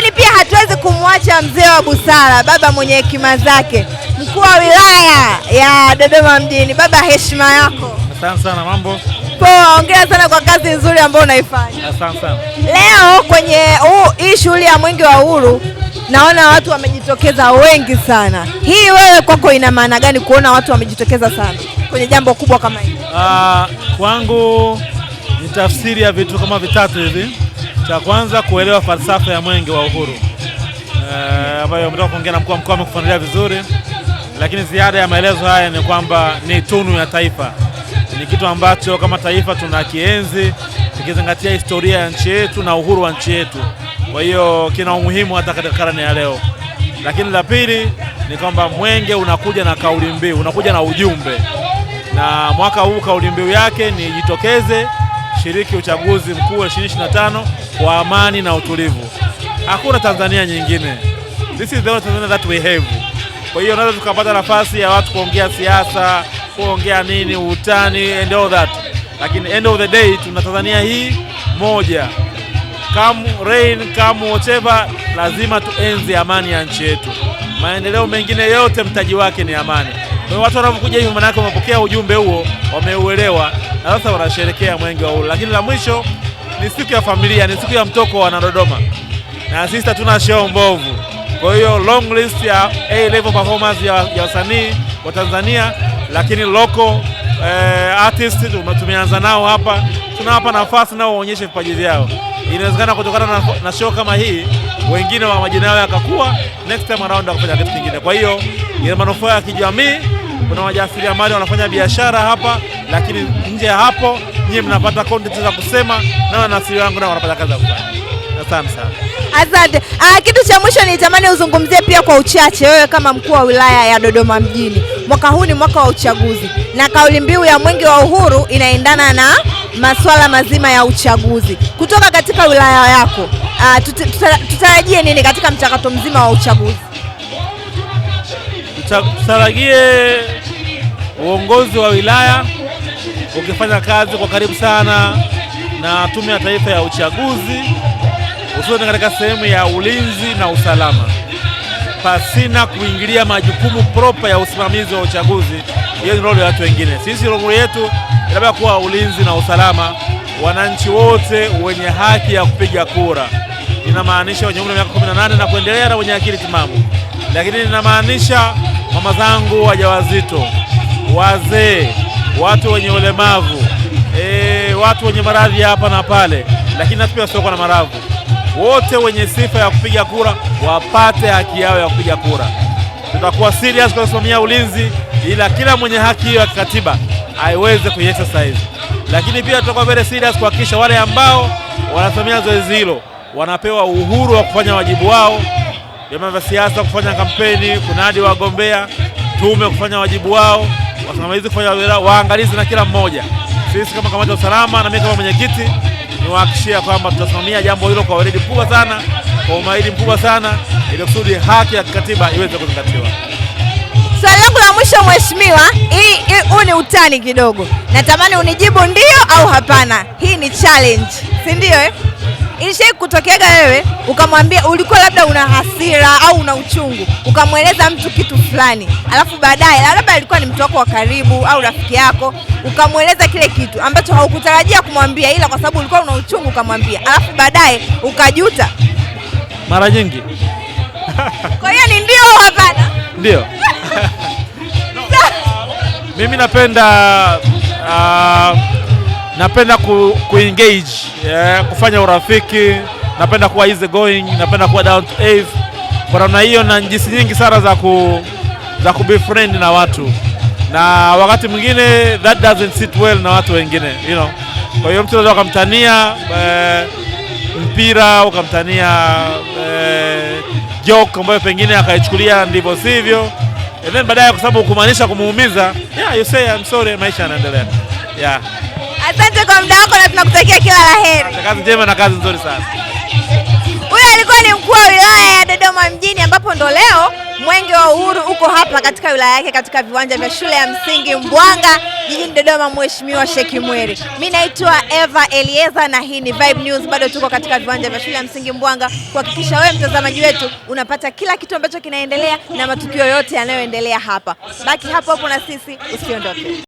lakini pia hatuwezi kumwacha mzee wa busara, baba mwenye hekima zake, mkuu wa wilaya ya Dodoma mjini. Baba, heshima yako. Asante sana. Mambo poa. Hongera sana kwa kazi nzuri ambayo unaifanya. Asante sana. Leo kwenye hii shughuli ya mwingi wa uhuru naona watu wamejitokeza wengi sana. Hii wewe kwako ina maana gani kuona watu wamejitokeza sana kwenye jambo kubwa kama hili? Uh, kwangu ni tafsiri ya vitu kama vitatu hivi cha kwanza kuelewa falsafa ya mwenge wa uhuru eh, ambayo e, umetoka kuongea na mkuu wa mkoa amekufunulia vizuri, lakini ziada ya maelezo haya ni kwamba ni tunu ya taifa, ni kitu ambacho kama taifa tuna kienzi tukizingatia historia ya nchi yetu na uhuru wa nchi yetu. Kwa hiyo kina umuhimu hata katika karne ya leo. Lakini la pili ni kwamba mwenge unakuja na kauli mbiu, unakuja na ujumbe, na mwaka huu kauli mbiu yake ni jitokeze kushiriki uchaguzi mkuu wa 2025 kwa amani na utulivu. Hakuna Tanzania nyingine, this is the only Tanzania that we have. Kwa hiyo naweza tukapata nafasi ya watu kuongea siasa, kuongea nini, utani and all that, lakini end of the day tuna Tanzania hii moja. Come rain, come whatever, lazima tuenzi amani ya nchi yetu. Maendeleo mengine yote mtaji wake ni amani. Kwa watu wanavyokuja hivi, maanake wamepokea ujumbe huo, wameuelewa na sasa wanasherehekea mwenge wa uhuru. Lakini la mwisho ni siku ya familia, ni siku ya mtoko wa Wanadodoma, na sisi hatuna show mbovu. Kwa hiyo long list ya A level performance ya, ya wasanii wa Tanzania, lakini local eh, artist tumeanza nao hapa, hapa nafasi nao waonyeshe vipaji vyao. Inawezekana kutokana na, na show kama hii wengine wa majina yao yakakuwa next time around wakafanya kitu kingine. Kwa hiyo ina manufaa ya kijamii kuna wajasiriamali wanafanya biashara hapa, lakini nje ya hapo nyie mnapata content za kusema na wanasiri wangu na wanapata kazi za kufanya. Asante sana. Asante. Ah, kitu cha mwisho nilitamani uzungumzie pia kwa uchache, wewe kama mkuu wa wilaya ya Dodoma mjini, mwaka huu ni mwaka wa uchaguzi na kauli mbiu ya mwenge wa uhuru inaendana na masuala mazima ya uchaguzi. Kutoka katika wilaya yako, ah, tutarajie nini katika mchakato mzima wa uchaguzi? tutarajie uongozi wa wilaya ukifanya kazi kwa karibu sana na Tume ya Taifa ya Uchaguzi, hususani katika sehemu ya ulinzi na usalama, pasina kuingilia majukumu propa ya usimamizi wa uchaguzi. Hiyo ni role ya watu wengine. Sisi role yetu inabaki kuwa ulinzi na usalama, wananchi wote wenye haki ya kupiga kura, inamaanisha wenye umri wa miaka 18 na kuendelea na wenye akili timamu, lakini inamaanisha mama zangu wajawazito, wazee, watu wenye ulemavu e, watu wenye maradhi hapa na pale, lakini nasi pia wasiokuwa na maradhi, wote wenye sifa ya kupiga kura wapate haki yao ya kupiga kura. Tutakuwa serious kwa kusimamia ulinzi, ila kila mwenye haki hiyo ya kikatiba aiweze kuiexercise, lakini pia tutakuwa very serious kuhakikisha wale ambao wanasimamia zoezi hilo wanapewa uhuru wa kufanya wajibu wao vyama vya siasa kufanya kampeni, kunadi wagombea, tume kufanya wajibu wao, wasimamizi kufanya wajibu waangalizi na kila mmoja. Sisi kama kamati ya usalama na mimi kama mwenyekiti niwahakishia kwamba tutasimamia jambo hilo kwa weledi mkubwa sana, kwa umahiri mkubwa sana, ili kusudi haki ya kikatiba iweze kuzingatiwa. Swali langu la mwisho mheshimiwa, hii huu ni utani kidogo, natamani unijibu ndio au hapana. Hii ni challenge, si ndio eh? Ilishai kutokeaga wewe ukamwambia, ulikuwa labda una hasira au una uchungu, ukamweleza mtu kitu fulani, alafu baadaye labda alikuwa ni mtu wako wa karibu au rafiki yako, ukamweleza kile kitu ambacho haukutarajia kumwambia, ila kwa sababu ulikuwa una uchungu ukamwambia, alafu baadaye ukajuta? Mara nyingi. Kwa hiyo ni ndio hapana? Ndio. Mimi napenda uh, napenda ku, ku engage yeah, kufanya urafiki, napenda kuwa easy going, napenda kuwa down to earth kwa namna hiyo, na jinsi nyingi sana za ku za ku be friend na watu, na wakati mwingine that doesn't sit well na watu wengine you know. Kwa hiyo mtu anaweza kumtania eh, mpira ukamtania eh, joke ambayo pengine akaichukulia ndivyo sivyo, and then baadaye kwa sababu kumaanisha kumuumiza, yeah, you say I'm sorry, maisha yanaendelea yeah. Asante kwa muda wako na tunakutakia kila la heri. Kazi njema na kazi nzuri sana. Huyo alikuwa ni mkuu wa wilaya ya Dodoma mjini ambapo ndo leo Mwenge wa Uhuru uko hapa katika wilaya yake katika viwanja vya shule ya msingi Mbwanga jijini Dodoma, Mheshimiwa Sheikh Mweri. Mimi naitwa Eva Elieza na hii ni Vibe News. Bado tuko katika viwanja vya shule ya msingi Mbwanga kuhakikisha wewe mtazamaji wetu unapata kila kitu ambacho kinaendelea na matukio yote yanayoendelea hapa. Baki hapo hapo na sisi, usiondoke.